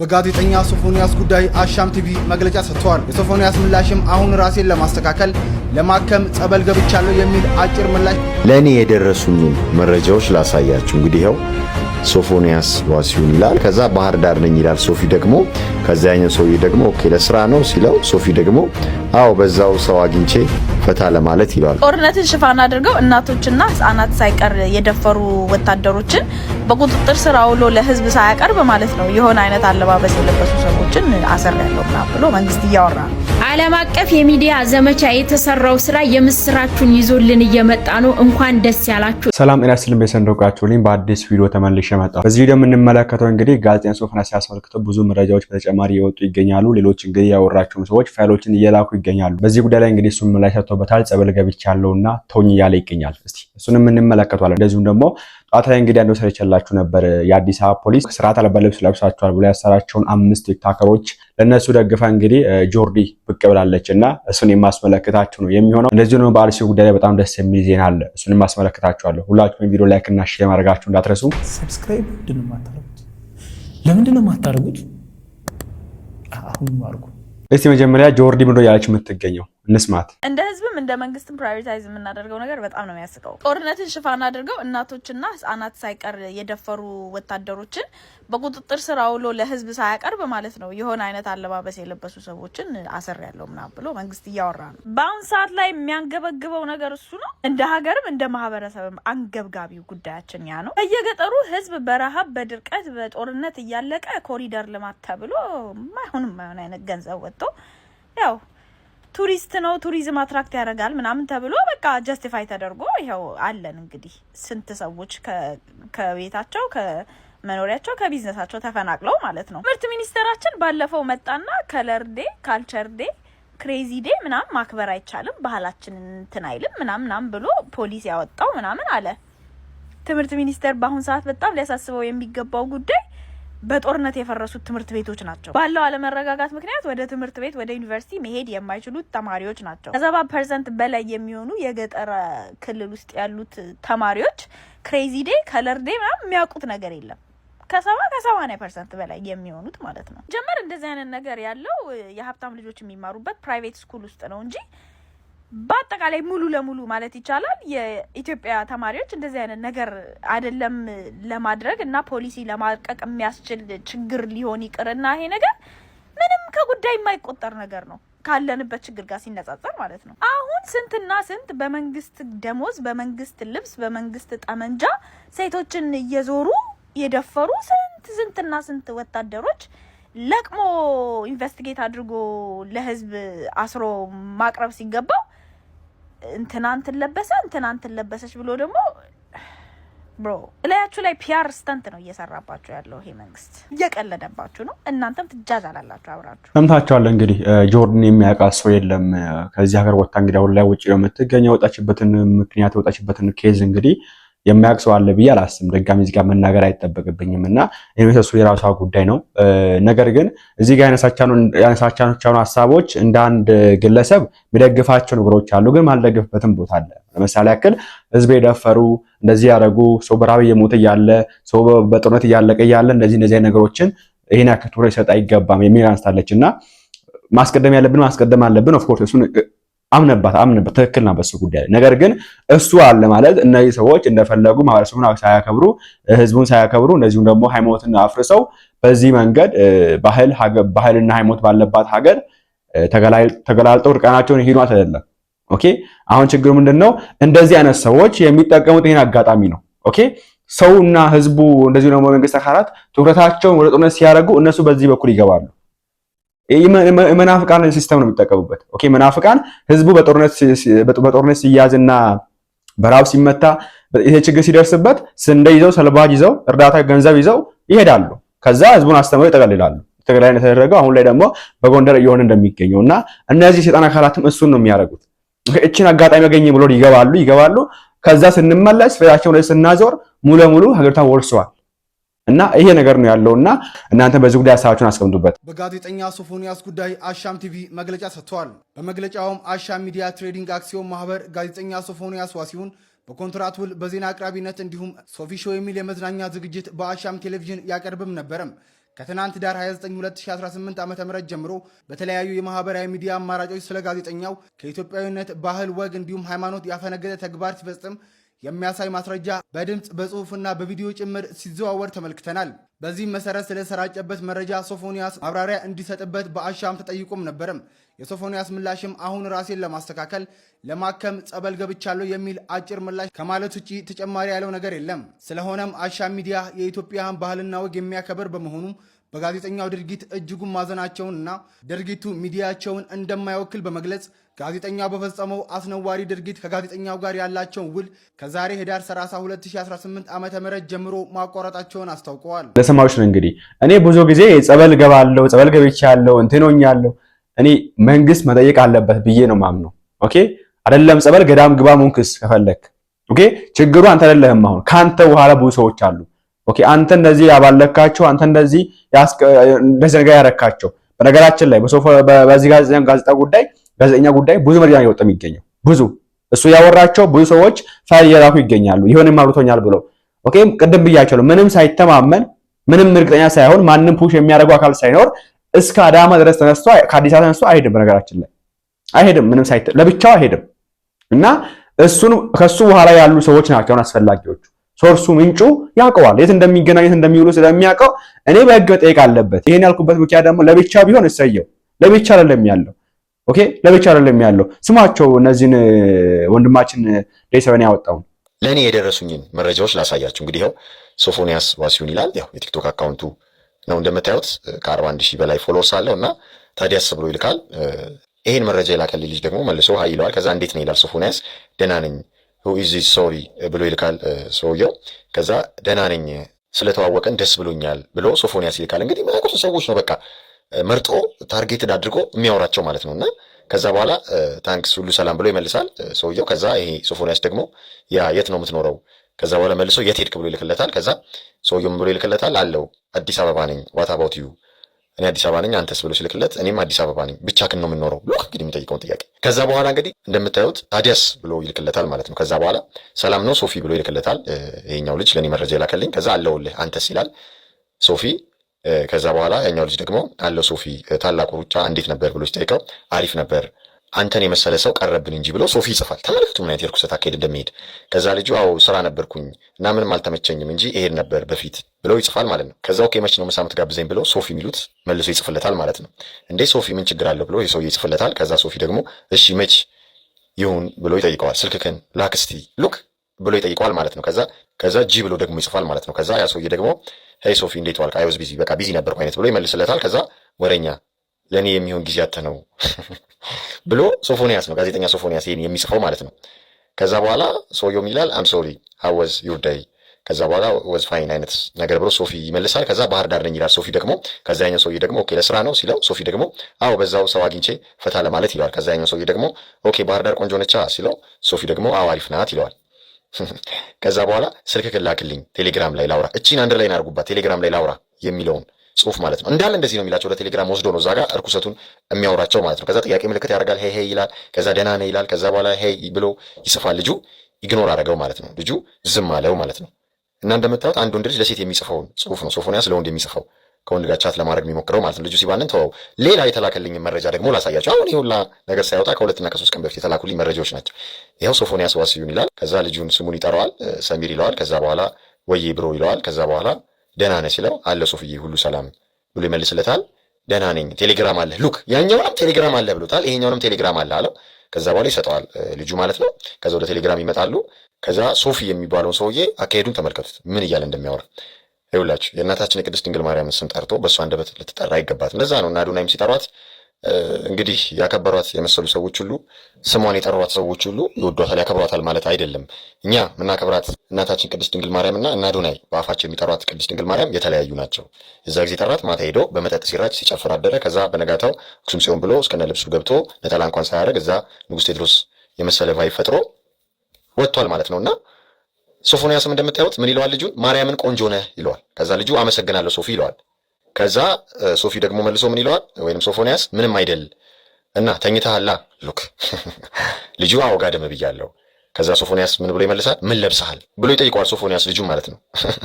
በጋዜጠኛ ሶፎንያስ ጉዳይ አሻም ቲቪ መግለጫ ሰጥተዋል። የሶፎንያስ ምላሽም አሁን ራሴን ለማስተካከል ለማከም ጸበል ገብቻለሁ የሚል አጭር ምላሽ። ለእኔ የደረሱኝ መረጃዎች ላሳያችሁ። እንግዲህ ይኸው ሶፎንያስ ዋሲሁን ይላል፣ ከዛ ባህር ዳር ነኝ ይላል። ሶፊ ደግሞ ከዚያኛው ሰውዬ ደግሞ ኦኬ ለስራ ነው ሲለው፣ ሶፊ ደግሞ አዎ በዛው ሰው አግኝቼ ፈታ ለማለት ይለዋል። ጦርነትን ሽፋን አድርገው እናቶችና ሕጻናት ሳይቀር የደፈሩ ወታደሮችን በቁጥጥር ስር አውሎ ለህዝብ ሳያቀርብ ማለት ነው የሆነ አይነት አለባበስ የለበሱ ሰዎችን አሰር ያለው ምናምን ብሎ መንግስት እያወራ ነው። ዓለም አቀፍ የሚዲያ ዘመቻ የተሰራው ስራ የምስራችሁን ይዞልን እየመጣ ነው። እንኳን ደስ ያላችሁ። ሰላም ጤና ስልም ልኝ በአዲስ ቪዲዮ ተመልሼ መጣሁ። በዚህ ቪዲዮ የምንመለከተው እንግዲህ ጋዜጠኛ ሶፎንያስን ሲያስመልክቶ ብዙ መረጃዎች በተጨማሪ የወጡ ይገኛሉ። ሌሎች እንግዲህ ያወራችሁም ሰዎች ፋይሎችን እየላኩ ይገኛሉ። በዚህ ጉዳይ ላይ እንግዲህ እሱም ምላሽ ሰጥቶበታል። ጸበል ገብቻለሁና ተውኝ እያለ ይገኛል። እስቲ እሱንም እንመለከተዋለን። እንደዚሁም ደግሞ ጠዋት ላይ እንግዲህ አንዱ ሰርቼላችሁ ነበር። የአዲስ አበባ ፖሊስ ስርዓት አልባ ልብስ ለብሳችኋል ብሎ ያሰራቸውን አምስት ቲክቶከሮች ለእነሱ ደግፋ እንግዲህ ጆርዲ ብቅ ብላለች እና እሱን የማስመለከታችሁ ነው የሚሆነው። እንደዚሁ ደግሞ በአርሲ ጉዳይ ላይ በጣም ደስ የሚል ዜና አለ። እሱን የማስመለክታችኋለሁ። ሁላችሁም ቪዲዮ ላይክ እና ሼር ማድረጋችሁ እንዳትረሱ። ሰብስክራይብ ምንድነው የማታደርጉት? ለምንድነው የማታደርጉት? አሁን አድርጉ እስቲ። መጀመሪያ ጆርዲ ምንድነው ያለች የምትገኘው እንስማት። እንደ ህዝብም እንደ መንግስትም ፕራዮሪታይዝ የምናደርገው ነገር በጣም ነው የሚያስቀው። ጦርነትን ሽፋን አድርገው እናቶችና ህጻናት ሳይቀር የደፈሩ ወታደሮችን በቁጥጥር ስር አውሎ ለህዝብ ሳያቀርብ ማለት ነው የሆነ አይነት አለባበስ የለበሱ ሰዎችን አሰር ያለው ምናምን ብሎ መንግስት እያወራ ነው። በአሁን ሰዓት ላይ የሚያንገበግበው ነገር እሱ ነው። እንደ ሀገርም እንደ ማህበረሰብም አንገብጋቢው ጉዳያችን ያ ነው። በየገጠሩ ህዝብ በረሃብ በድርቀት በጦርነት እያለቀ ኮሪደር ልማት ተብሎ ማይሆንም ማይሆን አይነት ገንዘብ ወጥቶ ያው ቱሪስት ነው ቱሪዝም አትራክት ያደርጋል ምናምን ተብሎ በቃ ጀስቲፋይ ተደርጎ ይኸው አለን እንግዲህ ስንት ሰዎች ከቤታቸው ከመኖሪያቸው ከቢዝነሳቸው ተፈናቅለው ማለት ነው። ትምህርት ሚኒስቴራችን ባለፈው መጣና ከለር ዴ ካልቸር ዴ ክሬዚ ዴ ምናምን ማክበር አይቻልም ባህላችንን እንትን አይልም ምናምን ምናምን ብሎ ፖሊስ ያወጣው ምናምን አለ። ትምህርት ሚኒስቴር በአሁኑ ሰዓት በጣም ሊያሳስበው የሚገባው ጉዳይ በጦርነት የፈረሱት ትምህርት ቤቶች ናቸው። ባለው አለመረጋጋት ምክንያት ወደ ትምህርት ቤት ወደ ዩኒቨርሲቲ መሄድ የማይችሉት ተማሪዎች ናቸው። ከሰባ ፐርሰንት በላይ የሚሆኑ የገጠር ክልል ውስጥ ያሉት ተማሪዎች ክሬዚ ዴ ከለር ዴ ምናምን የሚያውቁት ነገር የለም። ከሰባ ከሰማንያ ፐርሰንት በላይ የሚሆኑት ማለት ነው። ጀመር እንደዚህ አይነት ነገር ያለው የሀብታም ልጆች የሚማሩበት ፕራይቬት ስኩል ውስጥ ነው እንጂ በአጠቃላይ ሙሉ ለሙሉ ማለት ይቻላል የኢትዮጵያ ተማሪዎች እንደዚህ አይነት ነገር አይደለም ለማድረግ እና ፖሊሲ ለማቀቅ የሚያስችል ችግር ሊሆን ይቅርና ይሄ ነገር ምንም ከጉዳይ የማይቆጠር ነገር ነው ካለንበት ችግር ጋር ሲነጻጸር ማለት ነው። አሁን ስንትና ስንት በመንግስት ደሞዝ፣ በመንግስት ልብስ፣ በመንግስት ጠመንጃ ሴቶችን እየዞሩ የደፈሩ ስንት ስንትና ስንት ወታደሮች ለቅሞ ኢንቨስቲጌት አድርጎ ለህዝብ አስሮ ማቅረብ ሲገባው እንትናንትን ለበሰ እንትናንትን ለበሰች ብሎ ደግሞ ብሮ እላያችሁ ላይ ፒያር ስተንት ነው እየሰራባችሁ ያለው ይሄ መንግስት፣ እየቀለደባችሁ ነው። እናንተም ትጃዝ አላላችሁ አብራችሁ። ሰምታችኋል እንግዲህ ጆርድን የሚያውቃት ሰው የለም። ከዚህ ሀገር ወጥታ እንግዲህ አሁን ላይ ውጭ የምትገኝ። የወጣችበትን ምክንያት የወጣችበትን ኬዝ እንግዲህ የሚያውቅ ሰው አለ ብዬ አላስብም። ድጋሚ እዚህ ጋር መናገር አይጠበቅብኝም እና የመሰሱ የራሷ ጉዳይ ነው። ነገር ግን እዚህ ጋር ያነሳቻቸውን ሀሳቦች እንደ አንድ ግለሰብ የሚደግፋቸው ነገሮች አሉ፣ ግን ማልደግፍበትም ቦታ አለ። ለምሳሌ ያክል ህዝብ የደፈሩ እንደዚህ ያደረጉ ሰው በራብ እየሞተ እያለ ሰው በጦርነት እያለቀ እያለ እንደዚህ እንደዚህ ነገሮችን ይህን ያክል ትኩረት ይሰጥ አይገባም የሚል አንስታለች እና ማስቀደም ያለብን ማስቀደም አለብን ኦፍኮርስ እሱን አምነባት አምነባት ትክክል ናት በሱ ጉዳይ። ነገር ግን እሱ አለ ማለት እነዚህ ሰዎች እንደፈለጉ ማህበረሰቡን ሳያከብሩ፣ ህዝቡን ሳያከብሩ እንደዚሁም ደግሞ ሃይማኖትን አፍርሰው በዚህ መንገድ ባህል ባህልና ሃይማኖት ባለባት ሀገር ተገላልጠው እርቃናቸውን ይሄዱ አይደለም። ኦኬ አሁን ችግሩ ምንድነው? እንደዚህ አይነት ሰዎች የሚጠቀሙት ይሄን አጋጣሚ ነው። ኦኬ ሰውና ህዝቡ እንደዚሁ ደግሞ መንግስት አካላት ትኩረታቸውን ወደ ጦርነት ሲያደርጉ እነሱ በዚህ በኩል ይገባሉ። መናፍቃን ሲስተም ነው የሚጠቀሙበት። ኦኬ መናፍቃን ህዝቡ በጦርነት ሲያዝና በረሃብ ሲመታ ይሄ ችግር ሲደርስበት ስንዴ ይዘው ሰልባጅ ይዘው እርዳታ ገንዘብ ይዘው ይሄዳሉ። ከዛ ህዝቡን አስተምረው ይጠቀልላሉ። ትግራይ የተደረገው አሁን ላይ ደግሞ በጎንደር እየሆነ እንደሚገኘው እና እነዚህ ሴጣን አካላትም እሱን ነው የሚያደርጉት። እችን አጋጣሚ ያገኘ ብሎ ይገባሉ ይገባሉ። ከዛ ስንመለስ ፊታቸውን ስናዞር ሙሉ ለሙሉ ሀገሪቷን ወርሰዋል። እና ይሄ ነገር ነው ያለው እና እናንተ በዚህ ጉዳይ ሀሳባችሁን አስቀምጡበት። በጋዜጠኛ ሶፎንያስ ጉዳይ አሻም ቲቪ መግለጫ ሰጥተዋል። በመግለጫውም አሻም ሚዲያ ትሬዲንግ አክሲዮን ማህበር ጋዜጠኛ ሶፎንያስ ዋሲሁን በኮንትራት ውል በዜና አቅራቢነት እንዲሁም ሶፊሾ የሚል የመዝናኛ ዝግጅት በአሻም ቴሌቪዥን ያቀርብም ነበረም ከትናንት ዳር 29 2018 ዓ ም ጀምሮ በተለያዩ የማህበራዊ ሚዲያ አማራጮች ስለ ጋዜጠኛው ከኢትዮጵያዊነት ባህል፣ ወግ እንዲሁም ሃይማኖት ያፈነገጠ ተግባር ሲፈጽም የሚያሳይ ማስረጃ በድምፅ በጽሁፍና በቪዲዮ ጭምር ሲዘዋወር ተመልክተናል። በዚህም መሰረት ስለሰራጨበት መረጃ ሶፎንያስ ማብራሪያ እንዲሰጥበት በአሻም ተጠይቆም ነበርም። የሶፎንያስ ምላሽም አሁን ራሴን ለማስተካከል ለማከም ጸበል ገብቻለሁ የሚል አጭር ምላሽ ከማለት ውጭ ተጨማሪ ያለው ነገር የለም። ስለሆነም አሻም ሚዲያ የኢትዮጵያን ባህልና ወግ የሚያከብር በመሆኑ በጋዜጠኛው ድርጊት እጅጉን ማዘናቸውንና ድርጊቱ ሚዲያቸውን እንደማይወክል በመግለጽ ጋዜጠኛው በፈጸመው አስነዋሪ ድርጊት ከጋዜጠኛው ጋር ያላቸውን ውል ከዛሬ ህዳር 30 2018 ዓ ም ጀምሮ ማቋረጣቸውን አስታውቀዋል። ለሰማዎች ነው እንግዲህ እኔ ብዙ ጊዜ ጸበል ገባለው፣ ጸበል ገቤቻ ያለው እንትኖኝ ያለው እኔ መንግስት መጠየቅ አለበት ብዬ ነው ማምነው። ኦኬ አደለም፣ ጸበል ገዳም ግባ ሙንክስ ከፈለክ ኦኬ። ችግሩ አንተ አደለህም። አሁን ካንተ በኋላ ብዙ ሰዎች አሉ ኦኬ አንተ እንደዚህ ያባለካቸው አንተ እንደዚህ እንደዚህ ነገር ያረካቸው። በነገራችን ላይ በሶፋ በዚህ ጋዜጣ ጉዳይ ጋዜጠኛ ጉዳይ ብዙ መረጃ ነው የሚገኘው ብዙ እሱ ያወራቸው ብዙ ሰዎች ፋይል እየላኩ ይገኛሉ። ይሆንም አብርቶኛል ብሎ ኦኬ ቅድም ብያቸው ምንም ሳይተማመን ምንም እርግጠኛ ሳይሆን ማንም ፑሽ የሚያደርገው አካል ሳይኖር እስከ አዳማ ድረስ ተነስቶ ከአዲስ አበባ ተነስቶ አይሄድም። በነገራችን ላይ አይሄድም፣ ምንም ሳይተ ለብቻው አይሄድም። እና እሱን ከሱ በኋላ ያሉ ሰዎች ናቸው አስፈላጊዎቹ ሶርሱ ምንጩ ያውቀዋል። የት እንደሚገናኝ የት እንደሚውሉ ስለሚያውቀው እኔ በህግ መጠየቅ አለበት። ይሄን ያልኩበት ምክንያት ደግሞ ለብቻ ቢሆን እሰየው፣ ለብቻ አይደለም ያለው ኦኬ፣ ለብቻ አይደለም ያለው ስማቸው እነዚህን ወንድማችን ደይሰበን ያወጣውን ለእኔ የደረሱኝን መረጃዎች ላሳያችሁ። እንግዲህ ያው ሶፎንያስ ዋሲሁን ይላል። ያው የቲክቶክ አካውንቱ ነው እንደምታዩት ከ41 ሺህ በላይ ፎሎወርስ አለው እና ታዲያስ ብሎ ይልካል። ይሄን መረጃ የላከልኝ ልጅ ደግሞ መልሶ ሀይ ይለዋል። ከዛ እንዴት ነው ይላል ሶፎንያስ ደህና ነኝ ሁ ኢዝ ዚስ ብሎ ይልካል ሰውየው። ከዛ ደህና ነኝ ስለተዋወቀን ደስ ብሎኛል ብሎ ሶፎንያስ ይልካል። እንግዲህ ማያውቁት ሰዎች ነው በቃ መርጦ ታርጌትን አድርጎ የሚያወራቸው ማለት ነው እና ከዛ በኋላ ታንክስ ሁሉ ሰላም ብሎ ይመልሳል ሰውየው። ከዛ ይሄ ሶፎንያስ ደግሞ ያ የት ነው የምትኖረው? ከዛ በኋላ መልሶ የት ሄድክ ብሎ ይልክለታል። ከዛ ሰውየውም ብሎ ይልክለታል አለው አዲስ አበባ ነኝ ዋት አባውት ዩ እኔ አዲስ አበባ ነኝ አንተስ ብሎ ሲልክለት እኔም አዲስ አበባ ነኝ ብቻህን ነው የምኖረው ብሎ እንግዲህ የሚጠይቀውን ጥያቄ ከዛ በኋላ እንግዲህ እንደምታዩት ታዲያስ ብሎ ይልክለታል ማለት ነው። ከዛ በኋላ ሰላም ነው ሶፊ ብሎ ይልክለታል። ይሄኛው ልጅ ለእኔ መረጃ ይላከልኝ። ከዛ አለውልህ አንተስ ይላል ሶፊ። ከዛ በኋላ ያኛው ልጅ ደግሞ አለው ሶፊ ታላቁ ሩጫ እንዴት ነበር ብሎ ሲጠይቀው አሪፍ ነበር አንተን የመሰለ ሰው ቀረብን እንጂ ብሎ ሶፊ ይጽፋል። ተመልከቱ ምን አይነት የርኩሰት አካሄድ እንደሚሄድ። ከዛ ልጁ አዎ ስራ ነበርኩኝ እና ምንም አልተመቸኝም እንጂ ይሄድ ነበር በፊት ብሎ ይጽፋል ማለት ነው። ከዛ ኦኬ መች ነው ምሳ የምትጋብዘኝ ብሎ ሶፊ የሚሉት መልሶ ይጽፍለታል ማለት ነው። እንዴ ሶፊ ምን ችግር አለው ብሎ ሰው ይጽፍለታል። ከዛ ሶፊ ደግሞ እሺ መች ይሁን ብሎ ይጠይቀዋል። ስልክክን ላክስቲ ሉክ ብሎ ይጠይቀዋል ማለት ነው። ከዛ ከዛ ጂ ብሎ ደግሞ ይጽፋል ማለት ነው። ከዛ ያ ሰውዬ ደግሞ ሄይ ሶፊ እንዴት ዋልክ? አይ ወዝ ቢዚ በቃ ቢዚ ነበርኩ አይነት ብሎ ይመልስለታል። ከዛ ወረኛ ለእኔ የሚሆን ጊዜ አተ ነው ብሎ ሶፎንያስ ነው ጋዜጠኛ ሶፎንያስ ይሄን የሚጽፈው ማለት ነው። ከዛ በኋላ ሰውየው ይላል አም ሶሪ ሀወዝ ዩርዳይ ከዛ በኋላ ወዝ ፋይን አይነት ነገር ብሎ ሶፊ ይመልሳል። ከዛ ባህር ዳር ነኝ ይላል ሶፊ ደግሞ። ከዛኛው ሰውዬ ደግሞ ኦኬ ለስራ ነው ሲለው ሶፊ ደግሞ አዎ በዛው ሰው አግኝቼ ፈታ ለማለት ይለዋል። ከዛኛው ሰውዬ ደግሞ ኦኬ ባህር ዳር ቆንጆ ነቻ ሲለው ሶፊ ደግሞ አዎ አሪፍ ናት ይለዋል። ከዛ በኋላ ስልክ ክላክልኝ ቴሌግራም ላይ ላውራ፣ እቺን አንድ ላይ ናርጉባት ቴሌግራም ላይ ላውራ የሚለውን ጽሁፍ ማለት ነው። እንዳለ እንደዚህ ነው የሚላቸው ለቴሌግራም ወስዶ ነው እዛ ጋር እርኩሰቱን የሚያወራቸው ማለት ነው። ከዛ ጥያቄ ምልክት ያደርጋል። ሄይ ሄይ ይላል። ከዛ ደህና ነህ ይላል። ከዛ በኋላ ሄይ ብሎ ይጽፋል። ልጁ ኢግኖር አደረገው ማለት ነው። ልጁ ዝም አለው ማለት ነው። እና እንደምታዩት አንድ ወንድ ልጅ ለሴት የሚጽፈውን ጽሁፍ ነው ሶፎንያስ ለወንድ የሚጽፈው ከወንድ ጋር ቻት ለማድረግ የሚሞክረው ማለት ነው። ልጁ ሲባልን ተወው። ሌላ የተላከልኝ መረጃ ደግሞ ላሳያቸው። አሁን ሁላ ነገር ሳይወጣ ከሁለትና ከሶስት ቀን በፊት የተላኩልኝ መረጃዎች ናቸው። ይኸው ሶፎንያስ ዋስዩን ይላል። ከዛ ልጁን ስሙን ይጠራዋል፣ ሰሚር ይለዋል። ከዛ በኋላ ወይ ብሮ ይለዋል። ከዛ በኋላ ደህና ነህ ሲለው አለ ሶፍዬ ሁሉ ሰላም ብሎ ይመልስለታል። ደህና ነኝ፣ ቴሌግራም አለ ሉክ፣ ያኛውንም ቴሌግራም አለ ብሎታል፣ ይሄኛውንም ቴሌግራም አለ አለው። ከዛ በኋላ ይሰጠዋል ልጁ ማለት ነው። ከዛ ወደ ቴሌግራም ይመጣሉ። ከዛ ሶፊ የሚባለውን ሰውዬ አካሄዱን ተመልከቱት፣ ምን እያለ እንደሚያወራ ይውላችሁ። የእናታችን የቅድስት ድንግል ማርያምን ስም ጠርቶ በእሱ አንደበት ልትጠራ ይገባት። እንደዛ ነው እና አዶናይም ሲጠሯት እንግዲህ ያከበሯት የመሰሉ ሰዎች ሁሉ ስሟን የጠሯት ሰዎች ሁሉ ይወዷታል፣ ያከብሯታል ማለት አይደለም። እኛ የምናከብራት እናታችን ቅድስት ድንግል ማርያም እና እና ዶናይ በአፋቸው የሚጠሯት ቅድስት ድንግል ማርያም የተለያዩ ናቸው። እዛ ጊዜ ጠራት። ማታ ሄዶ በመጠጥ ሲራጭ ሲጨፍር አደረ። ከዛ በነጋታው አክሱም ጽዮን ብሎ እስከነ ልብሱ ገብቶ ነጠላ እንኳን ሳያደርግ እዛ ንጉሥ ቴድሮስ የመሰለ ቫይ ፈጥሮ ወጥቷል ማለት ነውና ሶፎንያስም እንደምታዩት ምን ይለዋል? ልጁን ማርያምን ቆንጆ ነህ ይለዋል። ከዛ ልጁ አመሰግናለሁ ሶፊ ይለዋል። ከዛ ሶፊ ደግሞ መልሶ ምን ይለዋል? ወይም ሶፎንያስ ምንም አይደል እና ተኝተሃላ ሉክ ልጁ አዎ ጋደም ብያለሁ። ከዛ ሶፎንያስ ምን ብሎ ይመልሳል? ምን ለብሰሃል ብሎ ይጠይቀዋል። ሶፎንያስ ልጁ ማለት ነው።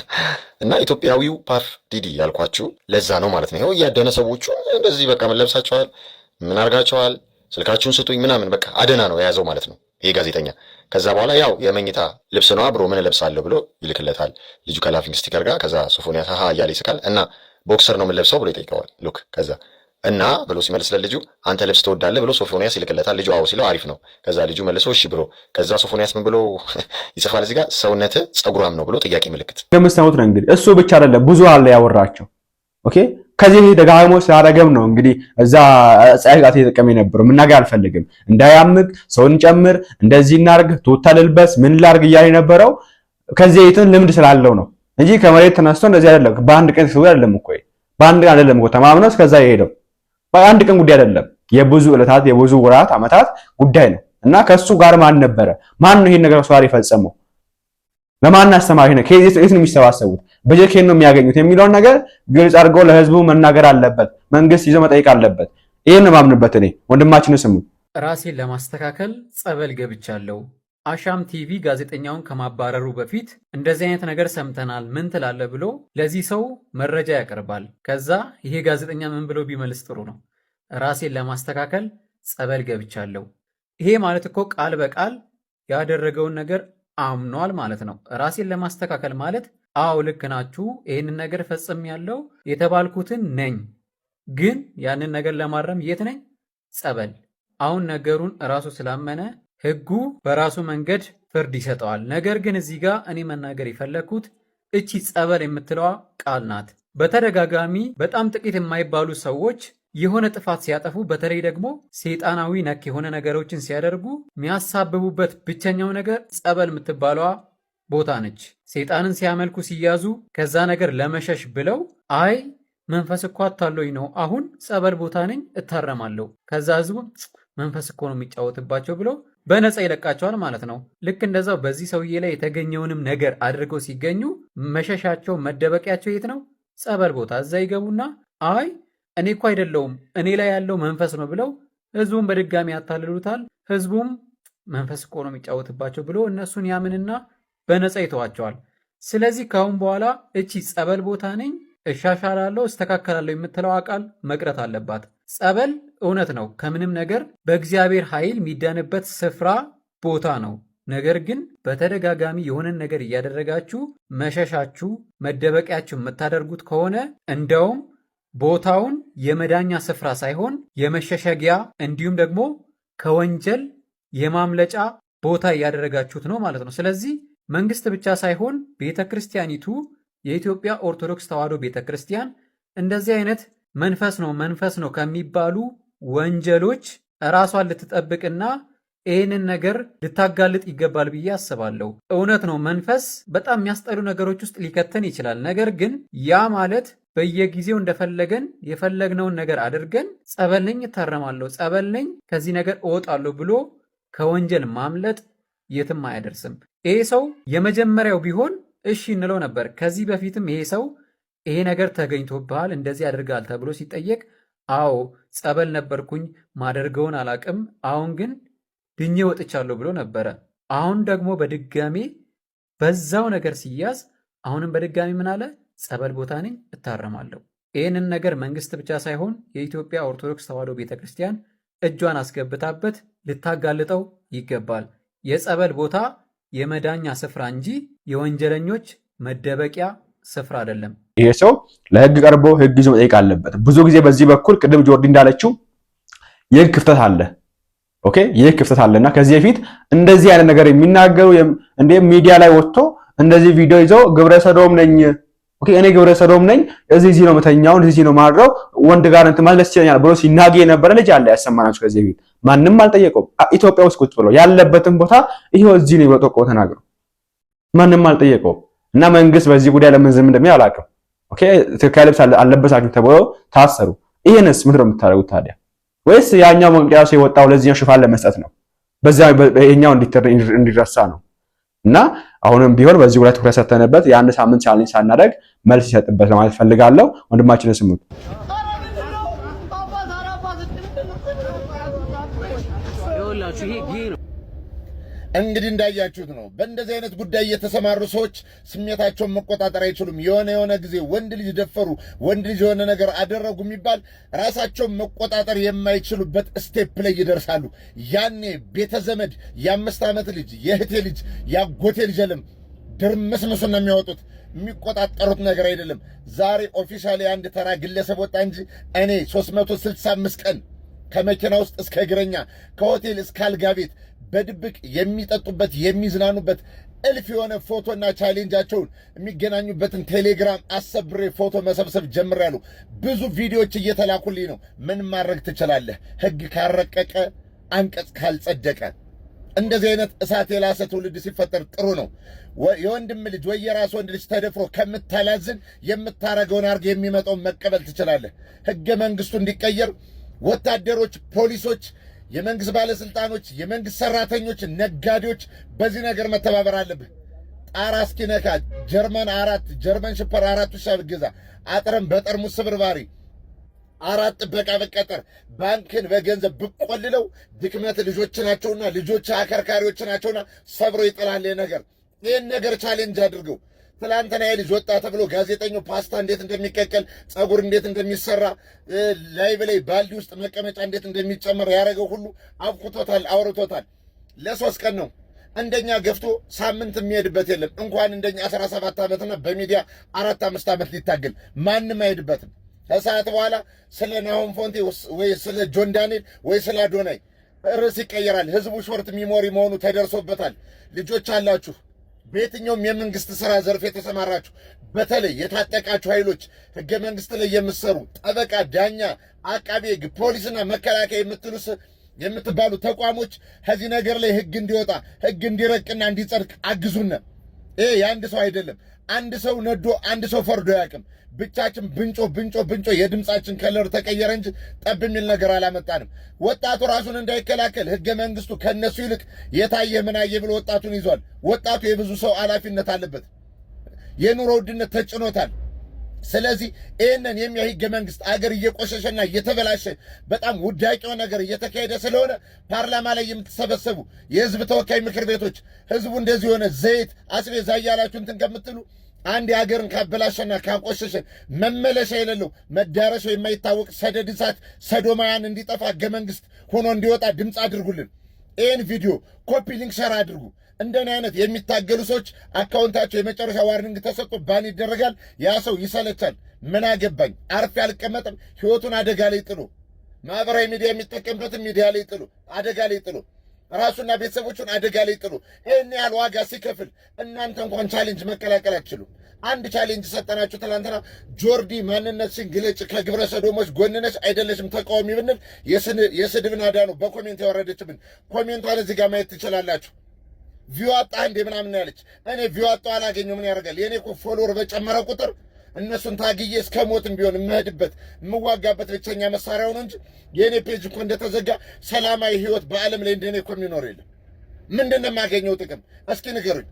እና ኢትዮጵያዊው ፓፍ ዲዲ ያልኳችሁ ለዛ ነው ማለት ነው። ይኸው እያደነ ሰዎቹ እንደዚህ በቃ ምን ለብሳቸዋል፣ ምን አርጋቸዋል፣ ስልካችሁን ስጡኝ ምናምን በቃ አደና ነው የያዘው ማለት ነው ይሄ ጋዜጠኛ። ከዛ በኋላ ያው የመኝታ ልብስ ነው አብሮ ምን ለብሳለሁ ብሎ ይልክለታል ልጁ ከላፊንግ ስቲከር ጋር። ከዛ ሶፎንያስ ሀ እያለ ይስቃል እና ቦክሰር ነው የምንለብሰው ብሎ ይጠይቀዋል ሉክ። ከዛ እና ብሎ ሲመልስ ለልጁ አንተ ልብስ ትወዳለህ ብሎ ሶፎንያስ ይልክለታል። ልጁ አዎ ሲለው አሪፍ ነው። ከዛ ልጁ መልሶ እሺ ብሎ ከዛ ሶፎንያስ ምን ብሎ ይጽፋል እዚህ ጋር ሰውነት ጸጉራም ነው ብሎ ጥያቄ ምልክት የምታዩት ነው። እንግዲህ እሱ ብቻ አይደለም ብዙ አለ ያወራቸው። ኦኬ ከዚህ ደጋግሞ ስላደረገም ነው እንግዲህ እዛ ፀሐይ ጋር ተጠቀም የነበረው መናገር አልፈልግም። እንዳያምቅ ሰውን ጨምር፣ እንደዚህ እናርግ፣ ቱታ ልልበስ፣ ምን ላርግ እያለ የነበረው ከዚህ የትን ልምድ ስላለው ነው። እንጂ ከመሬት ተነስቶ እንደዚህ አይደለም። በአንድ ቀን ሲወር አይደለም እኮ በአንድ ቀን አይደለም እኮ ተማምነው እስከዛ የሄደው በአንድ ቀን ጉዳይ አይደለም። የብዙ ዕለታት የብዙ ወራት ዓመታት ጉዳይ ነው እና ከሱ ጋር ማን ነበረ? ማን ነው ይሄን ነገር ሷሪ ፈጸመው? ለማን አስተማሪ ነው? ከዚህ ነው የሚሰባሰቡት በጀት ነው የሚያገኙት የሚለውን ነገር ግልጽ አድርጎ ለህዝቡ መናገር አለበት። መንግስት ይዞ መጠየቅ አለበት። ይሄን ነው የማምንበት እኔ ወንድማችን ስሙ ራሴን ለማስተካከል ጸበል ገብቻለሁ አሻም ቲቪ ጋዜጠኛውን ከማባረሩ በፊት እንደዚህ አይነት ነገር ሰምተናል፣ ምን ትላለ ብሎ ለዚህ ሰው መረጃ ያቀርባል። ከዛ ይሄ ጋዜጠኛ ምን ብሎ ቢመልስ ጥሩ ነው? ራሴን ለማስተካከል ጸበል ገብቻለሁ። ይሄ ማለት እኮ ቃል በቃል ያደረገውን ነገር አምኗል ማለት ነው። ራሴን ለማስተካከል ማለት አው ልክ ናችሁ፣ ይህንን ነገር ፈጽም ያለው የተባልኩትን ነኝ። ግን ያንን ነገር ለማረም የት ነኝ? ጸበል። አሁን ነገሩን እራሱ ስላመነ ህጉ በራሱ መንገድ ፍርድ ይሰጠዋል። ነገር ግን እዚህ ጋር እኔ መናገር የፈለግኩት እቺ ጸበል የምትለዋ ቃል ናት። በተደጋጋሚ በጣም ጥቂት የማይባሉ ሰዎች የሆነ ጥፋት ሲያጠፉ፣ በተለይ ደግሞ ሰይጣናዊ ነክ የሆነ ነገሮችን ሲያደርጉ የሚያሳብቡበት ብቸኛው ነገር ጸበል የምትባለዋ ቦታ ነች። ሰይጣንን ሲያመልኩ ሲያዙ ከዛ ነገር ለመሸሽ ብለው አይ መንፈስ እኮ አታሎኝ ነው፣ አሁን ጸበል ቦታ ነኝ እታረማለሁ፣ ከዛ ህዝቡ መንፈስ እኮ ነው የሚጫወትባቸው ብለው በነፃ ይለቃቸዋል ማለት ነው። ልክ እንደዛው በዚህ ሰውዬ ላይ የተገኘውንም ነገር አድርገው ሲገኙ መሸሻቸው መደበቂያቸው የት ነው? ጸበል ቦታ። እዛ ይገቡና አይ እኔ እኮ አይደለውም እኔ ላይ ያለው መንፈስ ነው ብለው ህዝቡን በድጋሚ ያታልሉታል። ህዝቡም መንፈስ እኮ ነው የሚጫወትባቸው ብሎ እነሱን ያምንና በነፃ ይተዋቸዋል። ስለዚህ ካሁን በኋላ እቺ ጸበል ቦታ ነኝ እሻሻላለሁ፣ እስተካከላለሁ የምትለው አቃል መቅረት አለባት። ጸበል እውነት ነው፣ ከምንም ነገር በእግዚአብሔር ኃይል የሚዳንበት ስፍራ ቦታ ነው። ነገር ግን በተደጋጋሚ የሆነን ነገር እያደረጋችሁ መሸሻችሁ፣ መደበቂያችሁ የምታደርጉት ከሆነ እንደውም ቦታውን የመዳኛ ስፍራ ሳይሆን የመሸሸጊያ እንዲሁም ደግሞ ከወንጀል የማምለጫ ቦታ እያደረጋችሁት ነው ማለት ነው። ስለዚህ መንግስት ብቻ ሳይሆን ቤተ ክርስቲያኒቱ የኢትዮጵያ ኦርቶዶክስ ተዋሕዶ ቤተ ክርስቲያን እንደዚህ አይነት መንፈስ ነው መንፈስ ነው ከሚባሉ ወንጀሎች ራሷን ልትጠብቅና ይህንን ነገር ልታጋልጥ ይገባል ብዬ አስባለሁ። እውነት ነው መንፈስ በጣም የሚያስጠሉ ነገሮች ውስጥ ሊከተን ይችላል። ነገር ግን ያ ማለት በየጊዜው እንደፈለገን የፈለግነውን ነገር አድርገን ጸበል ነኝ እታረማለሁ፣ ከዚህ ነገር እወጣለሁ ብሎ ከወንጀል ማምለጥ የትም አያደርስም። ይህ ሰው የመጀመሪያው ቢሆን እሺ እንለው ነበር። ከዚህ በፊትም ይሄ ሰው ይሄ ነገር ተገኝቶብሃል እንደዚህ ያደርጋል ተብሎ ሲጠየቅ አዎ ጸበል ነበርኩኝ ማደርገውን አላቅም፣ አሁን ግን ድኜ ወጥቻለሁ ብሎ ነበረ። አሁን ደግሞ በድጋሜ በዛው ነገር ሲያዝ አሁንም በድጋሚ ምን አለ? ጸበል ቦታ ነኝ እታረማለሁ። ይህንን ነገር መንግስት ብቻ ሳይሆን የኢትዮጵያ ኦርቶዶክስ ተዋሕዶ ቤተ ክርስቲያን እጇን አስገብታበት ልታጋልጠው ይገባል። የጸበል ቦታ የመዳኛ ስፍራ እንጂ የወንጀለኞች መደበቂያ ስፍራ አይደለም። ይሄ ሰው ለህግ ቀርቦ ህግ ይዞ መጠየቅ አለበት። ብዙ ጊዜ በዚህ በኩል ቅድም ጆርዲ እንዳለችው የህግ ክፍተት አለ። ኦኬ የህግ ክፍተት አለ እና ከዚህ በፊት እንደዚህ አይነት ነገር የሚናገሩ እንደ ሚዲያ ላይ ወጥቶ እንደዚህ ቪዲዮ ይዘው ግብረ ሰዶም ነኝ ኦኬ እኔ ግብረ ሰዶም ነኝ እዚህ እዚህ ነው መተኛው፣ እዚህ ነው ማድረው፣ ወንድ ጋር እንትን ማለት ደስ ይለኛል ብሎ ሲናገር የነበረ ልጅ አለ። ያሰማናችሁ ከዚህ በፊት ማንም አልጠየቀውም። ኢትዮጵያ ውስጥ ቁጭ ብሎ ያለበትን ቦታ ይሄው እዚህ ነው ብሎ ጠቆ ተናግረው ማንም አልጠየቀው እና መንግስት በዚህ ጉዳይ ለምን ዝም እንደሚል አላውቅም። ኦኬ ትክክለኛ ልብስ አልለበሳችሁም ተብሎ ታሰሩ። ይሄንስ ምንድን ነው የምታደርጉት ታዲያ? ወይስ ያኛው መቅጫሱ የወጣው ለዚህኛው ሽፋን ለመስጠት ነው? በዛ ይሄኛው እንዲረሳ ነው። እና አሁንም ቢሆን በዚህ ጉዳይ ትኩረት ሰተንበት የአንድ ሳምንት ቻሌንጅ ሳናደርግ መልስ ይሰጥበት ለማለት ፈልጋለሁ። ወንድማችን ስሙት። እንግዲህ እንዳያችሁት ነው። በእንደዚህ አይነት ጉዳይ የተሰማሩ ሰዎች ስሜታቸውን መቆጣጠር አይችሉም። የሆነ የሆነ ጊዜ ወንድ ልጅ ደፈሩ፣ ወንድ ልጅ የሆነ ነገር አደረጉ የሚባል ራሳቸውን መቆጣጠር የማይችሉበት ስቴፕ ላይ ይደርሳሉ። ያኔ ቤተዘመድ የአምስት ዓመት ልጅ የእህቴ ልጅ የአጎቴ ልጅ ልም ድርምስምሱን ነው የሚያወጡት። የሚቆጣጠሩት ነገር አይደለም። ዛሬ ኦፊሻሊ አንድ ተራ ግለሰብ ወጣ እንጂ እኔ 365 ቀን ከመኪና ውስጥ እስከ እግረኛ ከሆቴል እስከ አልጋ ቤት በድብቅ የሚጠጡበት የሚዝናኑበት እልፍ የሆነ ፎቶና ቻሌንጃቸውን የሚገናኙበትን ቴሌግራም አሰብሬ ፎቶ መሰብሰብ ጀምሬያለሁ። ብዙ ቪዲዮዎች እየተላኩልኝ ነው። ምን ማድረግ ትችላለህ? ህግ ካረቀቀ አንቀጽ ካልጸደቀ እንደዚህ አይነት እሳት የላሰ ትውልድ ሲፈጠር ጥሩ ነው። የወንድም ልጅ ወይ የራስ ወንድ ልጅ ተደፍሮ ከምታላዝን የምታረገውን አርግ፣ የሚመጣውን መቀበል ትችላለህ። ህገ መንግስቱ እንዲቀየር ወታደሮች፣ ፖሊሶች የመንግስት ባለስልጣኖች፣ የመንግስት ሰራተኞች፣ ነጋዴዎች በዚህ ነገር መተባበር አለብህ። ጣራ እስኪነካ ጀርመን አራት ጀርመን ሽፐር አራት ውሻ ብትገዛ አጥረን በጠርሙስ ስብርባሪ አራት ጥበቃ በቀጠር ባንክን በገንዘብ ብቆልለው ድክመት ልጆች ናቸውና ልጆች አከርካሪዎች ናቸውና ሰብሮ ይጥላል ነገር ይህን ነገር ቻሌንጅ አድርገው ትላንትና ልጅ ወጣ ተብሎ ጋዜጠኛው ፓስታ እንዴት እንደሚቀቀል ጸጉር እንዴት እንደሚሰራ ላይ በላይ ባልዲ ውስጥ መቀመጫ እንዴት እንደሚጨመር ያደረገው ሁሉ አብቁቶታል፣ አውርቶታል። ለሶስት ቀን ነው እንደኛ ገፍቶ ሳምንት የሚሄድበት የለም። እንኳን እንደኛ 17 ዓመትና በሚዲያ አራት አምስት ዓመት ሊታገል ማንም አይሄድበትም። ከሰዓት በኋላ ስለ ናሆም ፎንቲ ወይ ስለ ጆን ዳንኤል ወይ ስለ አዶናይ ርዕስ ይቀየራል። ህዝቡ ሾርት ሚሞሪ መሆኑ ተደርሶበታል። ልጆች አላችሁ በየትኛውም የመንግስት ስራ ዘርፍ የተሰማራችሁ በተለይ የታጠቃችሁ ኃይሎች ህገ መንግስት ላይ የምትሰሩ ጠበቃ፣ ዳኛ፣ አቃቤ ህግ፣ ፖሊስና መከላከያ የምትሉስ የምትባሉ ተቋሞች ከዚህ ነገር ላይ ህግ እንዲወጣ ህግ እንዲረቅና እንዲጸድቅ አግዙነ። ይሄ የአንድ ሰው አይደለም። አንድ ሰው ነዶ አንድ ሰው ፈርዶ ያቅም። ብቻችን ብንጮ ብንጮ ብንጮ የድምፃችን ከለር ተቀየረ እንጂ ጠብ የሚል ነገር አላመጣንም። ወጣቱ ራሱን እንዳይከላከል ህገ መንግስቱ ከእነሱ ይልቅ የታየ ምናየ ብሎ ወጣቱን ይዟል። ወጣቱ የብዙ ሰው ኃላፊነት አለበት። የኑሮ ውድነት ተጭኖታል። ስለዚህ ይህንን የኛ ህገ መንግስት አገር እየቆሸሸና እየተበላሸ በጣም ውዳቂው ነገር እየተካሄደ ስለሆነ ፓርላማ ላይ የምትሰበሰቡ የህዝብ ተወካይ ምክር ቤቶች ህዝቡ እንደዚህ የሆነ ዘይት አስቤዛ እያላችሁ እንትን ከምትሉ አንድ የሀገርን ካበላሸና ካቆሸሸ መመለሻ የሌለው መዳረሻው የማይታወቅ ሰደድ እሳት ሰዶማያን እንዲጠፋ ህገ መንግስት ሆኖ እንዲወጣ ድምፅ አድርጉልን። ይህን ቪዲዮ ኮፒ ሊንክ ሸር አድርጉ። እንደኔ አይነት የሚታገሉ ሰዎች አካውንታቸው የመጨረሻ ዋርኒንግ ተሰጥቶ ባን ይደረጋል። ያ ሰው ይሰለቻል። ምን አገባኝ አርፌ አልቀመጥም። ህይወቱን አደጋ ላይ ጥሉ። ማህበራዊ ሚዲያ የሚጠቀምበትን ሚዲያ ላይ ጥሉ፣ አደጋ ላይ ጥሉ። ራሱና ቤተሰቦቹን አደጋ ላይ ጥሉ። ይህን ያህል ዋጋ ሲከፍል እናንተ እንኳን ቻሌንጅ መቀላቀል አትችሉም። አንድ ቻሌንጅ ሰጠናችሁ ትላንትና፣ ጆርዲ ማንነትሽን ግለጭ፣ ከግብረ ሰዶሞች ጎንነች አይደለችም ተቃዋሚ ብንል የስድብን ናዳ ነው በኮሜንት ያወረደችብን። ኮሜንቷን እዚህ ጋር ማየት ትችላላችሁ። ቪው አጣ እንዴ ምናምን ያለች እኔ ቪው አጣ አላገኘው ምን ያደርጋል? የእኔ እኮ ፎሎወር በጨመረ ቁጥር እነሱን ታግዬ እስከ ሞትም ቢሆን የምሄድበት የምዋጋበት ብቸኛ መሳሪያ ሆኖ እንጂ የእኔ ፔጅ እኮ እንደተዘጋ ሰላማዊ ህይወት በዓለም ላይ እንደኔ እኮ የሚኖር የለም። ምንድን ነው የማገኘው ጥቅም? እስኪ ንገሩኝ።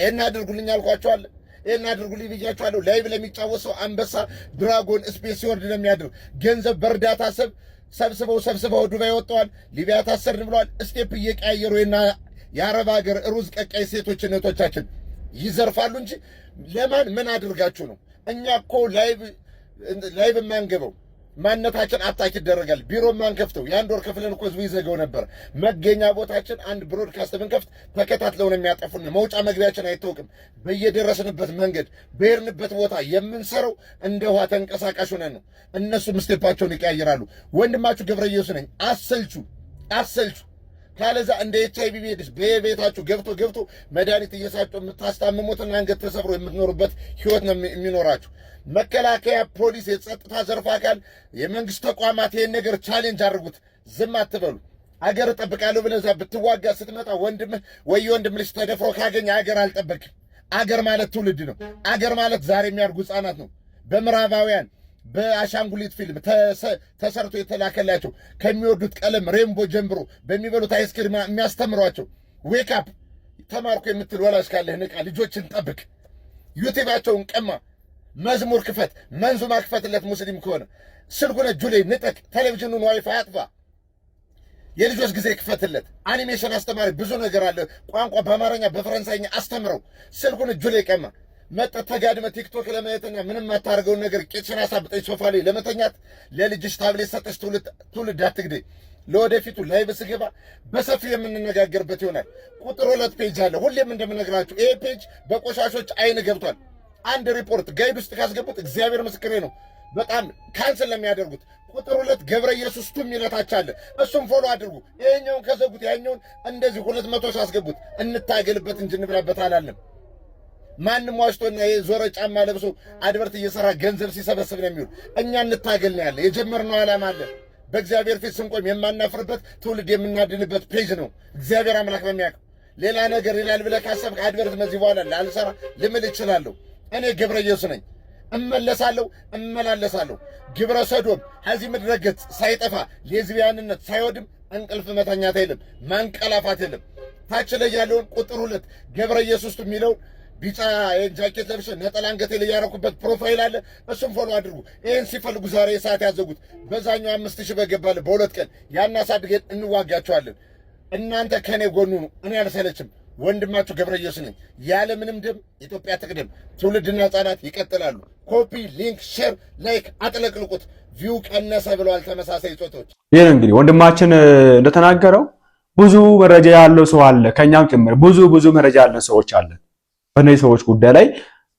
ይህን አድርጉልኝ አልኳቸዋለሁ። ይህን አድርጉልኝ ብያቸዋለሁ። ላይቭ ለሚጫወሰው አንበሳ ድራጎን ስፔስ ሲወርድ ነው የሚያድር ገንዘብ በእርዳታ ሰብ ሰብስበው ሰብስበው ዱባይ ወጥተዋል። ሊቢያ ታሰርን ብለዋል። ስቴፕ እየቀያየሩ ይና የአረብ ሀገር ሩዝ ቀቃይ ሴቶች እህቶቻችን ይዘርፋሉ እንጂ ለማን ምን አድርጋችሁ ነው? እኛ እኮ ላይቭ የማንገበው ማንነታችን አታክ ይደረጋል። ቢሮ ማንከፍተው የአንድ ወር ክፍልን እኮ ህዝቡ ይዘገው ነበር። መገኛ ቦታችን አንድ ብሮድካስት ብንከፍት ተከታትለው ነው የሚያጠፉን። መውጫ መግቢያችን አይታወቅም። በየደረስንበት መንገድ በሄድንበት ቦታ የምንሰረው እንደ ውሃ ተንቀሳቃሽ ሆነን ነው። እነሱም ስቴፓቸውን ይቀያይራሉ። ወንድማችሁ ገብረ ኢየሱስ ነኝ። አሰልቹ አሰልቹ ካለዛ እንደ ኤች አይቪ ኤድስ በቤታችሁ ገብቶ ገብቶ መድኃኒት እየሳጡ የምታስታምሙትና አንገት ተሰብሮ የምትኖሩበት ህይወት ነው የሚኖራችሁ። መከላከያ፣ ፖሊስ፣ የጸጥታ ዘርፍ አካል፣ የመንግስት ተቋማት ይህን ነገር ቻሌንጅ አድርጉት። ዝም አትበሉ። አገር እጠብቃለሁ ብለህ እዛ ብትዋጋ ስትመጣ ወንድምህ ወይ ወንድም ልጅ ተደፍሮ ካገኘ አገር አልጠበቅም። አገር ማለት ትውልድ ነው። አገር ማለት ዛሬ የሚያድጉ ህጻናት ነው በምዕራባውያን በአሻንጉሊት ፊልም ተሰርቶ የተላከላቸው ከሚወዱት ቀለም ሬምቦ ጀምሮ በሚበሉት አይስክሪም የሚያስተምሯቸው ዌክ አፕ ተማርኩ የምትል ወላጅ ካለህ ንቃ፣ ልጆችን ጠብቅ፣ ዩቲባቸውን ቀማ፣ መዝሙር ክፈት፣ መንዙማ ክፈትለት ሙስሊም ከሆነ ስልኩን እጁ ላይ ንጠቅ፣ ቴሌቪዥኑን ዋይፋይ አጥፋ፣ የልጆች ጊዜ ክፈትለት። አኒሜሽን አስተማሪ ብዙ ነገር አለ። ቋንቋ በአማርኛ በፈረንሳይኛ አስተምረው፣ ስልኩን እጁ ላይ ቀማ። መጠጥ ተጋድመ ቲክቶክ ለማየትና ምንም አታደርገውን ነገር ቂጭን አሳብጠኝ ሶፋ ላይ ለመተኛት ለልጅሽ ታብሌት ሰጠች ትውልድ ትውልድ አትግደይ። ለወደፊቱ ላይ ስገባ በሰፊው የምንነጋገርበት ይሆናል። ቁጥር ሁለት ፔጅ አለ። ሁሌም እንደምነግራችሁ ይሄ ፔጅ በቆሻሾች አይን ገብቷል። አንድ ሪፖርት ጋይድ ውስጥ ካስገቡት እግዚአብሔር ምስክሬ ነው በጣም ካንስል ለሚያደርጉት ቁጥር ሁለት ገብረ ኢየሱስ ቱም ይለታች አለ። እሱም ፎሎ አድርጉ። ይሄኛውን ከዘጉት ያኛውን እንደዚህ ሁለት መቶ ሳስገቡት እንታገልበት እንጂ እንብላበት አላለም። ማንም ዋሽቶና የዞረ ጫማ ለብሶ አድበርት እየሰራ ገንዘብ ሲሰበስብ ነው የሚውል። እኛ እንታገል ነው ያለ። የጀመርነው ዓላማ አለ። በእግዚአብሔር ፊት ስንቆም የማናፍርበት ትውልድ የምናድንበት ፔጅ ነው። እግዚአብሔር አምላክ በሚያውቅ ሌላ ነገር ይላል ብለህ ካሰብክ አድበርት መዚህ በኋላ ላልሰራ ልምል እችላለሁ። እኔ ግብረ ኢየሱስ ነኝ። እመለሳለሁ፣ እመላለሳለሁ። ግብረ ሰዶም ከዚህ ምድረ ገጽ ሳይጠፋ ሌዝቢያንነት ሳይወድም እንቅልፍ መተኛት የለም፣ ማንቀላፋት የለም። ታች ላይ ያለውን ቁጥር ሁለት ገብረ ኢየሱስ የሚለው ቢጫ ጃኬት ለብሼ ነጠላ አንገቴ ላይ ያረኩበት ፕሮፋይል አለ። እሱም ፎሎ አድርጉ። ይህን ሲፈልጉ ዛሬ ሰዓት ያዘጉት በዛኛው አምስት ሺህ በገባለ በሁለት ቀን ያን አሳድገን እንዋጋቸዋለን። እናንተ ከእኔ ጎኑ ነው። እኔ አልሰለችም። ወንድማችሁ ገብረ ኢየሱስ ነኝ። ምንም ደም ኢትዮጵያ ትቅደም። ትውልድና ህጻናት ይቀጥላሉ። ኮፒ ሊንክ፣ ሼር፣ ላይክ አጥለቅልቁት። ቪው ቀነሰ ብለዋል ተመሳሳይ ጾቶች። ይህን እንግዲህ ወንድማችን እንደተናገረው ብዙ መረጃ ያለው ሰው አለ፣ ከእኛም ጭምር ብዙ ብዙ መረጃ ያለን ሰዎች አለን። በእነዚህ ሰዎች ጉዳይ ላይ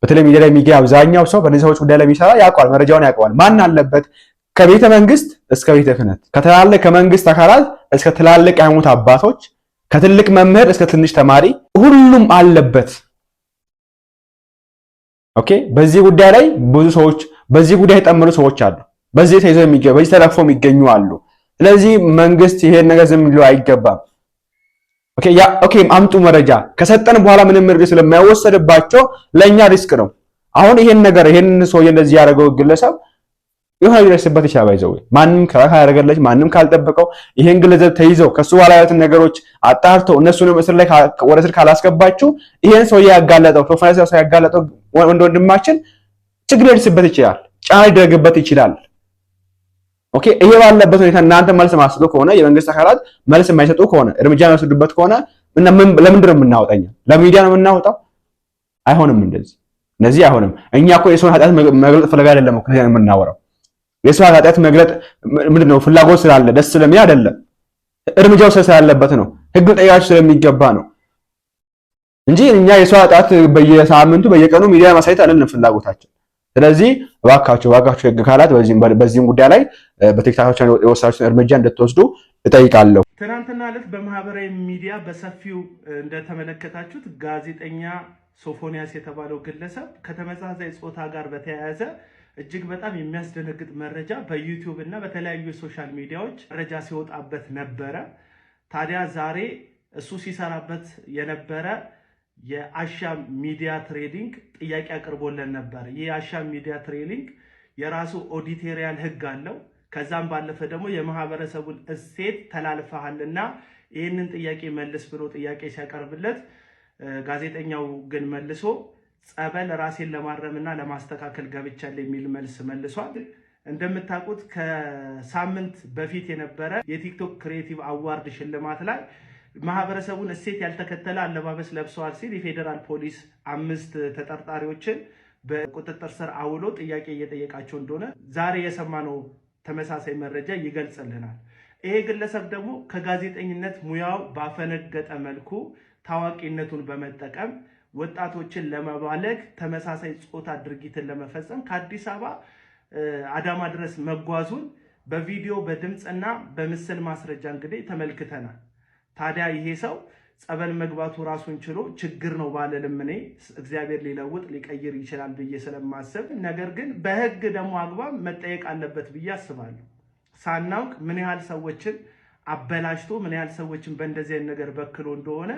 በተለይ ሚዲያ ላይ የሚገኝ አብዛኛው ሰው በእነዚህ ሰዎች ጉዳይ ላይ የሚሰራ ያውቀዋል፣ መረጃውን ያውቀዋል። ማን አለበት ከቤተ መንግስት እስከ ቤተ ክህነት ከትላልቅ ከመንግስት አካላት እስከ ትላልቅ ሃይማኖት አባቶች ከትልቅ መምህር እስከ ትንሽ ተማሪ ሁሉም አለበት። ኦኬ። በዚህ ጉዳይ ላይ ብዙ ሰዎች በዚህ ጉዳይ የጠመዱ ሰዎች አሉ። በዚህ ተይዘው የሚገኙ በዚህ ተለፎ የሚገኙ አሉ። ስለዚህ መንግስት ይሄን ነገር ዝም ሊለው አይገባም። ኦኬ ያ ኦኬ አምጡ መረጃ ከሰጠን በኋላ ምንም እርምጃ ስለማይወሰድባቸው ለእኛ ሪስክ ነው። አሁን ይሄን ነገር ይሄን ሰውዬ እንደዚህ ያደረገው ግለሰብ ይሆን ሊደርስበት ይችላል። ባይዘው ማንም ከራካ ያደረገለች ማንም ካልጠበቀው ይሄን ግለሰብ ተይዘው ከሱ በኋላ ያሉትን ነገሮች አጣርተው እነሱንም እስር ላይ ወደ ስር ካላስገባችሁ ይሄን ሰውዬ ያጋለጠው ፕሮፋይል ያጋለጠው ወንድ ወንድማችን ችግር ሊደርስበት ይችላል፣ ጫና ሊደረግበት ይችላል። ኦኬ ይሄ ባለበት ሁኔታ እናንተ መልስ ማስሉ ከሆነ የመንግስት አካላት መልስ የማይሰጡ ከሆነ እርምጃ የሚወስዱበት ከሆነ ለምንድን ነው የምናወጣኛ? ለሚዲያ ነው የምናወጣው? አይሆንም። እንደዚህ እነዚህ አይሆንም። እኛ እኮ የሰውን ኃጢአት መግለጥ ፍለጋ አይደለም እኮ የምናወራው። የሰውን ኃጢአት መግለጥ ምንድን ነው ፍላጎት ስላለ ደስ ስለሚል አይደለም፣ እርምጃው ስላለበት ነው፣ ህግ ጠያቂ ስለሚገባ ነው እንጂ እኛ የሰው ኃጢአት በየሳምንቱ በየቀኑ ሚዲያ ማሳየት አይደለም ፍላጎታችን። ስለዚህ እባካችሁ እባካችሁ የህግ አካላት በዚህም ጉዳይ ላይ በቲክቶከሮች የወሰዳችሁትን እርምጃ እንድትወስዱ እጠይቃለሁ። ትናንትና ዕለት በማህበራዊ ሚዲያ በሰፊው እንደተመለከታችሁት ጋዜጠኛ ሶፎንያስ የተባለው ግለሰብ ከተመሳሳይ ጾታ ጋር በተያያዘ እጅግ በጣም የሚያስደነግጥ መረጃ በዩቲዩብ እና በተለያዩ የሶሻል ሚዲያዎች መረጃ ሲወጣበት ነበረ። ታዲያ ዛሬ እሱ ሲሰራበት የነበረ የአሻ ሚዲያ ትሬዲንግ ጥያቄ አቅርቦለን ነበር። ይህ የአሻ ሚዲያ ትሬዲንግ የራሱ ኦዲቴሪያል ህግ አለው። ከዛም ባለፈ ደግሞ የማህበረሰቡን እሴት ተላልፈሃልና ይህንን ጥያቄ መልስ ብሎ ጥያቄ ሲያቀርብለት ጋዜጠኛው ግን መልሶ ጸበል ራሴን ለማረምና ለማስተካከል ገብቻል የሚል መልስ መልሷል። እንደምታውቁት ከሳምንት በፊት የነበረ የቲክቶክ ክሬቲቭ አዋርድ ሽልማት ላይ ማህበረሰቡን እሴት ያልተከተለ አለባበስ ለብሰዋል ሲል የፌዴራል ፖሊስ አምስት ተጠርጣሪዎችን በቁጥጥር ስር አውሎ ጥያቄ እየጠየቃቸው እንደሆነ ዛሬ የሰማነው ተመሳሳይ መረጃ ይገልጽልናል። ይሄ ግለሰብ ደግሞ ከጋዜጠኝነት ሙያው ባፈነገጠ መልኩ ታዋቂነቱን በመጠቀም ወጣቶችን ለመባለግ ተመሳሳይ ጾታ ድርጊትን ለመፈጸም ከአዲስ አበባ አዳማ ድረስ መጓዙን በቪዲዮ በድምፅና በምስል ማስረጃ እንግዲህ ተመልክተናል። ታዲያ ይሄ ሰው ጸበል መግባቱ ራሱን ችሎ ችግር ነው ባለልም እኔ እግዚአብሔር ሊለውጥ ሊቀይር ይችላል ብዬ ስለማስብ፣ ነገር ግን በህግ ደግሞ አግባብ መጠየቅ አለበት ብዬ አስባለሁ። ሳናውቅ ምን ያህል ሰዎችን አበላሽቶ ምን ያህል ሰዎችን በእንደዚህ አይነት ነገር በክሎ እንደሆነ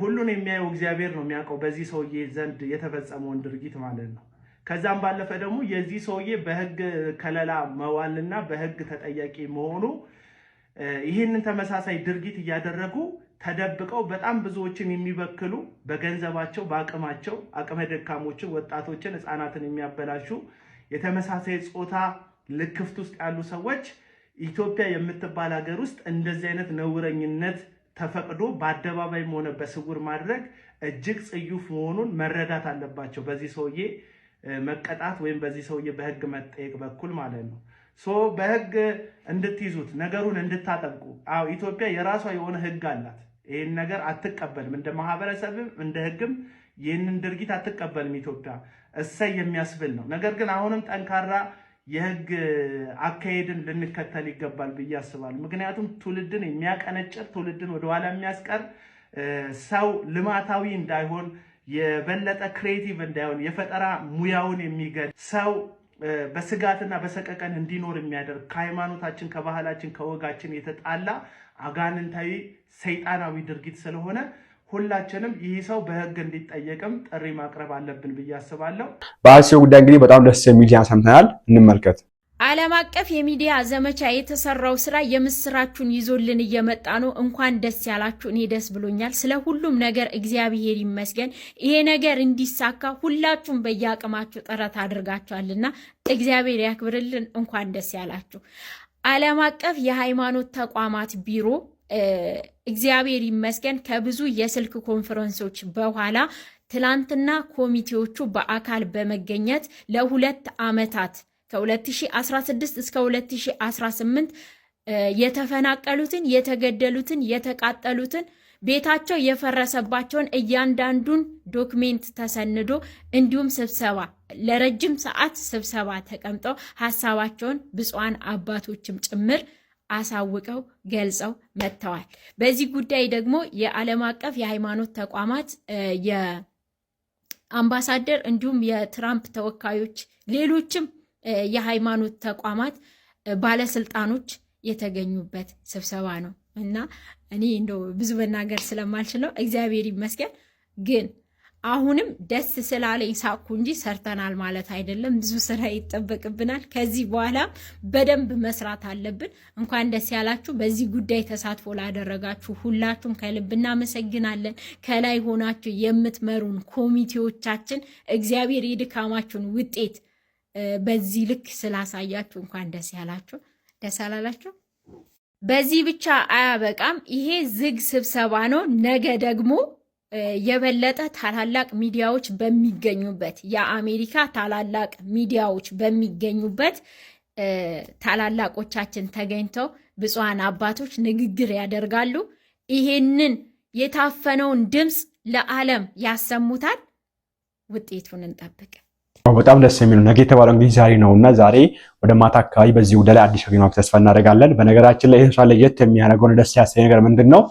ሁሉን የሚያየው እግዚአብሔር ነው የሚያውቀው፣ በዚህ ሰውዬ ዘንድ የተፈጸመውን ድርጊት ማለት ነው። ከዛም ባለፈ ደግሞ የዚህ ሰውዬ በህግ ከለላ መዋልና በህግ ተጠያቂ መሆኑ ይህንን ተመሳሳይ ድርጊት እያደረጉ ተደብቀው በጣም ብዙዎችን የሚበክሉ በገንዘባቸው በአቅማቸው አቅመ ደካሞችን፣ ወጣቶችን፣ ህፃናትን የሚያበላሹ የተመሳሳይ ጾታ ልክፍት ውስጥ ያሉ ሰዎች ኢትዮጵያ የምትባል ሀገር ውስጥ እንደዚህ አይነት ነውረኝነት ተፈቅዶ በአደባባይም ሆነ በስውር ማድረግ እጅግ ጽዩፍ መሆኑን መረዳት አለባቸው። በዚህ ሰውዬ መቀጣት ወይም በዚህ ሰውዬ በህግ መጠየቅ በኩል ማለት ነው። ሶ በህግ እንድትይዙት ነገሩን እንድታጠብቁ። አዎ ኢትዮጵያ የራሷ የሆነ ህግ አላት። ይህን ነገር አትቀበልም፣ እንደ ማህበረሰብም እንደ ህግም ይህንን ድርጊት አትቀበልም ኢትዮጵያ። እሰይ የሚያስብል ነው። ነገር ግን አሁንም ጠንካራ የህግ አካሄድን ልንከተል ይገባል ብዬ አስባለሁ። ምክንያቱም ትውልድን የሚያቀነጭር ትውልድን ወደኋላ የሚያስቀር ሰው ልማታዊ እንዳይሆን የበለጠ ክሬቲቭ እንዳይሆን የፈጠራ ሙያውን የሚገድ ሰው በስጋትና በሰቀቀን እንዲኖር የሚያደርግ ከሃይማኖታችን፣ ከባህላችን፣ ከወጋችን የተጣላ አጋንንታዊ ሰይጣናዊ ድርጊት ስለሆነ ሁላችንም ይህ ሰው በህግ እንዲጠየቅም ጥሪ ማቅረብ አለብን ብዬ አስባለሁ። በአርሲው ጉዳይ እንግዲህ በጣም ደስ የሚል ሰምተናል። እንመልከት። ዓለም አቀፍ የሚዲያ ዘመቻ የተሰራው ስራ የምስራችሁን ይዞልን እየመጣ ነው። እንኳን ደስ ያላችሁ። እኔ ደስ ብሎኛል። ስለ ሁሉም ነገር እግዚአብሔር ይመስገን። ይሄ ነገር እንዲሳካ ሁላችሁም በየአቅማችሁ ጥረት አድርጋችኋልና እግዚአብሔር ያክብርልን። እንኳን ደስ ያላችሁ። ዓለም አቀፍ የሃይማኖት ተቋማት ቢሮ እግዚአብሔር ይመስገን ከብዙ የስልክ ኮንፈረንሶች በኋላ ትላንትና ኮሚቴዎቹ በአካል በመገኘት ለሁለት ዓመታት ከ2016 እስከ 2018 የተፈናቀሉትን፣ የተገደሉትን፣ የተቃጠሉትን ቤታቸው የፈረሰባቸውን እያንዳንዱን ዶክሜንት ተሰንዶ እንዲሁም ስብሰባ ለረጅም ሰዓት ስብሰባ ተቀምጠው ሀሳባቸውን ብፁዓን አባቶችም ጭምር አሳውቀው ገልጸው መጥተዋል። በዚህ ጉዳይ ደግሞ የዓለም አቀፍ የሃይማኖት ተቋማት የአምባሳደር እንዲሁም የትራምፕ ተወካዮች ሌሎችም የሃይማኖት ተቋማት ባለስልጣኖች የተገኙበት ስብሰባ ነው እና እኔ እንደው ብዙ መናገር ስለማልችለው እግዚአብሔር ይመስገን ግን አሁንም ደስ ስላለኝ ሳኩ እንጂ ሰርተናል ማለት አይደለም። ብዙ ስራ ይጠበቅብናል። ከዚህ በኋላ በደንብ መስራት አለብን። እንኳን ደስ ያላችሁ። በዚህ ጉዳይ ተሳትፎ ላደረጋችሁ ሁላችሁም ከልብ እናመሰግናለን። ከላይ ሆናችሁ የምትመሩን ኮሚቴዎቻችን እግዚአብሔር የድካማችሁን ውጤት በዚህ ልክ ስላሳያችሁ እንኳን ደስ ያላችሁ። ደስ አላላችሁ? በዚህ ብቻ አያበቃም። ይሄ ዝግ ስብሰባ ነው። ነገ ደግሞ የበለጠ ታላላቅ ሚዲያዎች በሚገኙበት የአሜሪካ ታላላቅ ሚዲያዎች በሚገኙበት ታላላቆቻችን ተገኝተው ብፁዓን አባቶች ንግግር ያደርጋሉ። ይሄንን የታፈነውን ድምፅ ለዓለም ያሰሙታል። ውጤቱን እንጠብቅ። በጣም ደስ የሚሉ ነገ የተባለው እንግዲህ ዛሬ ነው እና ዛሬ ወደ ማታ አካባቢ በዚህ ወደ ላይ አዲስ ሸግና ተስፋ እናደርጋለን። በነገራችን ላይ ይህ ለየት የሚያደርገውን ደስ ያሰኝ ነገር ምንድን ነው?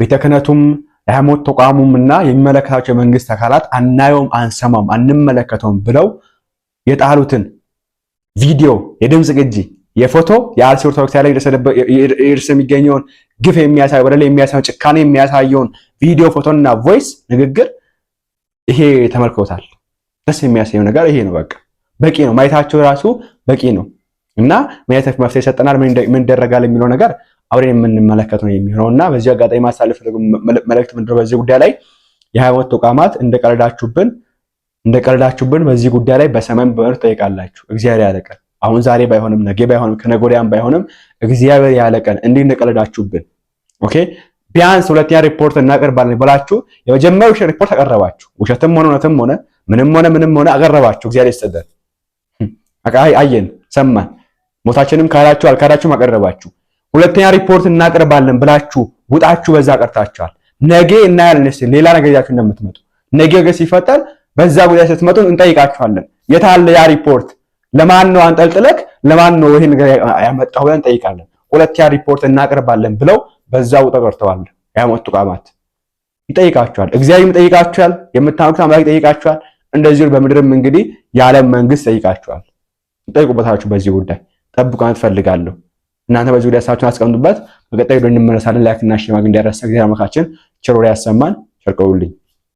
ቤተ ክህነቱም የሃይማኖት ተቋሙም እና የሚመለከታቸው የመንግስት አካላት አናየውም፣ አንሰማም፣ አንመለከተውም ብለው የጣሉትን ቪዲዮ፣ የድምፅ ቅጂ፣ የፎቶ የአርሲ ኦርቶዶክስ ላይ እርስ የሚገኘውን ግፍ የሚያሳይ ወደ ላይ የሚያሳየውን ጭካኔ የሚያሳየውን ቪዲዮ ፎቶና ቮይስ ንግግር ይሄ ተመልክቶታል። ደስ የሚያሰኘው ነገር ይሄ ነው። በቃ በቂ ነው። ማየታቸው ራሱ በቂ ነው እና ምን አይነት መፍትሄ ይሰጠናል፣ ምን ይደረጋል የሚለው ነገር አብሬን የምንመለከት ነው የሚሆነው እና በዚህ አጋጣሚ ማሳለፍ መልእክት ምንድነው በዚህ ጉዳይ ላይ የሃይማኖት ተቋማት እንደቀለዳችሁብን እንደቀለዳችሁብን በዚህ ጉዳይ ላይ በሰማይም በምድር ጠይቃላችሁ። እግዚአብሔር ያለቀን አሁን ዛሬ ባይሆንም ነገ ባይሆንም ከነገ ወዲያም ባይሆንም እግዚአብሔር ያለቀን እንዲህ እንደቀለዳችሁብን ኦኬ ቢያንስ ሁለተኛ ሪፖርት እናቀርባለን ብላችሁ የመጀመሪያው ሪፖርት አቀረባችሁ። ውሸትም ሆነ እውነትም ሆነ ምንም ሆነ ምንም ሆነ አቀረባችሁ። እግዚአብሔር ይስጠን። አየን፣ ሰማን። ሞታችንም ካላችሁ አልካዳችሁም አቀረባችሁ። ሁለተኛ ሪፖርት እናቀርባለን ብላችሁ ውጣችሁ በዛ ቀርታችኋል። ነገ እናያለን እስኪ ሌላ ነገር ይዛችሁ እንደምትመጡ ነገ ነገር ሲፈጠር በዛ ጉዳይ ስትመጡ እንጠይቃችኋለን። የታለ ያ ሪፖርት? ለማን ነው አንጠልጥለክ? ለማን ነው ይሄን ነገር ያመጣው ብለን እንጠይቃለን። ሁለተኛ ሪፖርት እናቀርባለን ብለው በዛ ውጣ ቀርተዋል። ያመጡ ቃማት ይጠይቃችኋል። እግዚአብሔር ይጠይቃችኋል። የምታመልኩት አምላክ ይጠይቃችኋል። እንደዚሁ በምድርም እንግዲህ የዓለም መንግስት ጠይቃቸዋል ጠይቁበታችሁ። በዚህ ጉዳይ ጠብቁ ትፈልጋለሁ። እናንተ በዚህ ጉዳይ ሀሳባችሁን አስቀምጡበት። በቀጣይ እንመለሳለን። ላይክና ሽማግ እንዲያረሳ ጊዜ አመካችን ቸሮሪ ያሰማን ቸርቀውልኝ